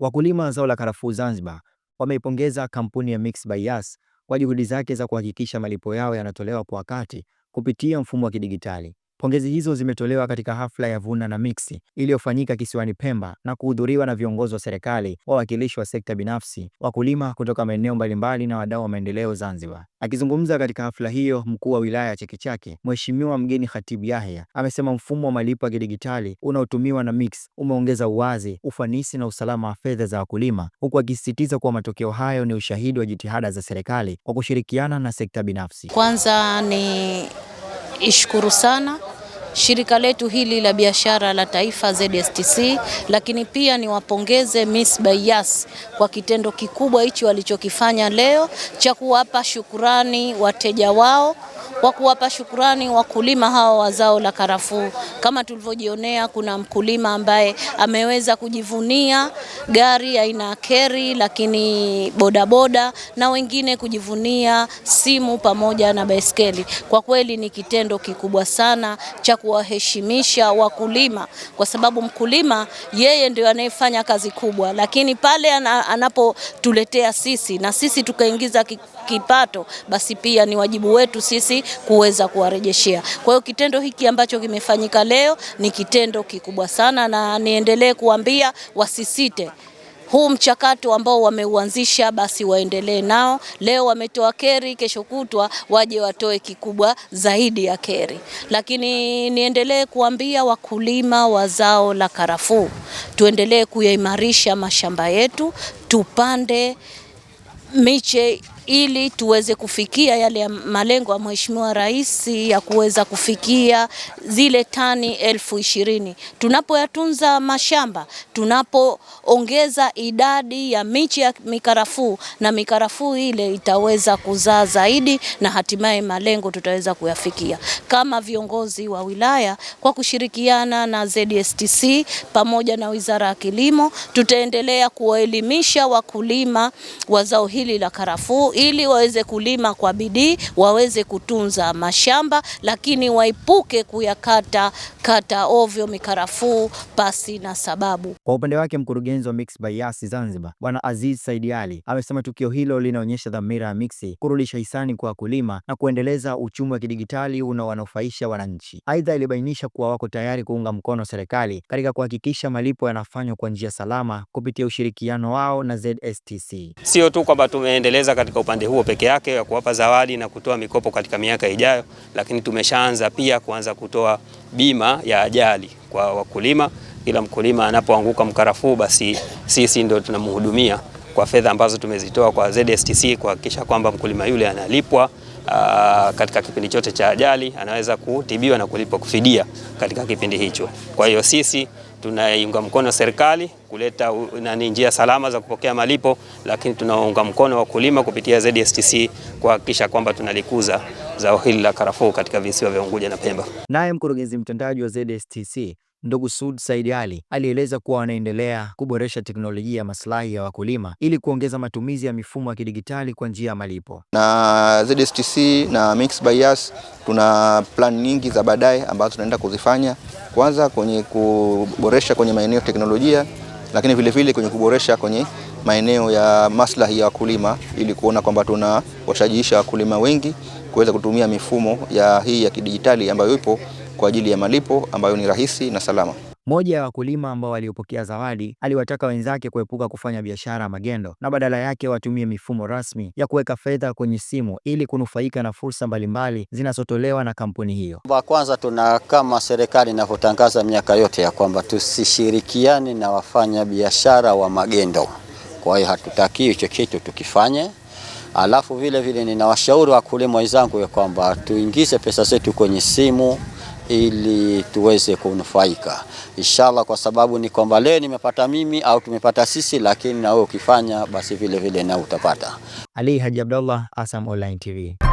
Wakulima wa zao la karafuu Zanzibar wameipongeza kampuni ya Mixx by Yas kwa juhudi zake za kuhakikisha malipo yao yanatolewa kwa wakati kupitia mfumo wa kidigitali. Pongezi hizo zimetolewa katika hafla ya Vuna na Mixi iliyofanyika kisiwani Pemba na kuhudhuriwa na viongozi wa serikali, wawakilishi wa sekta binafsi, wakulima kutoka maeneo mbalimbali na wadau wa maendeleo Zanzibar. Akizungumza katika hafla hiyo, mkuu wa wilaya ya Chakechake Mheshimiwa Mgeni Khatibu Yahya amesema mfumo wa malipo ya kidigitali unaotumiwa na Mix umeongeza uwazi, ufanisi na usalama wa fedha za wakulima, huku akisisitiza kuwa matokeo hayo ni ushahidi wa jitihada za serikali kwa kushirikiana na sekta binafsi. Kwanza ni ishukuru sana shirika letu hili la biashara la taifa ZSTC, lakini pia niwapongeze Miss Bayas kwa kitendo kikubwa hichi walichokifanya leo cha kuwapa shukurani wateja wao kwa kuwapa shukurani wakulima hao wa zao la karafuu kama tulivyojionea, kuna mkulima ambaye ameweza kujivunia gari aina ya keri, lakini bodaboda na wengine kujivunia simu pamoja na baiskeli. Kwa kweli ni kitendo kikubwa sana cha kuwaheshimisha wakulima, kwa sababu mkulima yeye ndio anayefanya kazi kubwa, lakini pale anapotuletea sisi na sisi tukaingiza kipato, basi pia ni wajibu wetu sisi kuweza kuwarejeshea. Kwa hiyo kitendo hiki ambacho kimefanyika leo leo ni kitendo kikubwa sana, na niendelee kuambia wasisite huu mchakato ambao wameuanzisha basi waendelee nao. Leo wametoa keri, kesho kutwa waje watoe kikubwa zaidi ya keri. Lakini niendelee kuambia wakulima wa zao la karafuu, tuendelee kuyaimarisha mashamba yetu, tupande miche ili tuweze kufikia yale ya malengo ya Mheshimiwa Rais ya kuweza kufikia zile tani elfu ishirini. Tunapoyatunza mashamba, tunapoongeza idadi ya miche ya mikarafuu, na mikarafuu ile itaweza kuzaa zaidi, na hatimaye malengo tutaweza kuyafikia kama viongozi wa wilaya kwa kushirikiana na ZSTC pamoja na Wizara ya Kilimo, tutaendelea kuwaelimisha wakulima wa zao hili la karafuu ili waweze kulima kwa bidii, waweze kutunza mashamba, lakini waepuke kuyakata kata ovyo mikarafuu pasi na sababu. Kwa upande wake, mkurugenzi wa Mix by Yas Zanzibar Bwana Aziz Said Ali amesema tukio hilo linaonyesha dhamira ya Mixx kurudisha hisani kwa wakulima na kuendeleza uchumi wa kidigitali unaowanufaisha wananchi. Aidha, ilibainisha kuwa wako tayari kuunga mkono serikali katika kuhakikisha malipo yanafanywa kwa njia salama kupitia ushirikiano wao na ZSTC. Sio tu kwamba tumeendeleza katika upande huo peke yake ya kuwapa zawadi na kutoa mikopo katika miaka ijayo, lakini tumeshaanza pia kuanza kutoa bima ya ajali kwa wakulima. Kila mkulima anapoanguka mkarafuu, basi sisi ndio tunamhudumia kwa fedha ambazo tumezitoa kwa ZSTC kuhakikisha kwamba mkulima yule analipwa aa, katika kipindi chote cha ajali, anaweza kutibiwa na kulipwa kufidia katika kipindi hicho. Kwa hiyo sisi tunaiunga mkono serikali kuleta nani njia salama za kupokea malipo, lakini tunaunga mkono wakulima kupitia ZSTC kuhakikisha kwamba tunalikuza zao hili la karafuu katika visiwa vya Unguja na Pemba. Naye mkurugenzi mtendaji wa ZSTC ndugu Sud Said Ali alieleza kuwa wanaendelea kuboresha teknolojia ya maslahi ya wakulima ili kuongeza matumizi ya mifumo ya kidigitali kwa njia ya malipo. Na ZSTC na Mix by Us tuna plan nyingi za baadaye ambazo tunaenda kuzifanya, kwanza kwenye kuboresha kwenye maeneo ya teknolojia, lakini vilevile vile kwenye kuboresha kwenye maeneo ya maslahi ya wakulima ili kuona kwamba tuna washajiisha wakulima wengi kuweza kutumia mifumo ya hii ya kidijitali ambayo ipo kwa ajili ya malipo ambayo ni rahisi na salama. Mmoja ya wakulima ambao waliopokea zawadi aliwataka wenzake kuepuka kufanya biashara magendo na badala yake watumie mifumo rasmi ya kuweka fedha kwenye simu ili kunufaika na fursa mbalimbali zinazotolewa na kampuni hiyo. Kwa kwanza, tuna kama serikali inavyotangaza miaka yote ya kwamba tusishirikiane na wafanyabiashara wa magendo, kwa hiyo hatutaki hicho kitu tukifanye. Alafu vile vile ninawashauri wakulima wenzangu ya kwamba tuingize pesa zetu kwenye simu ili tuweze kunufaika inshallah, kwa sababu ni kwamba leo nimepata mimi au tumepata sisi, lakini na wewe ukifanya basi vile vile na utapata. Ali Haji Abdallah, Asam Online TV.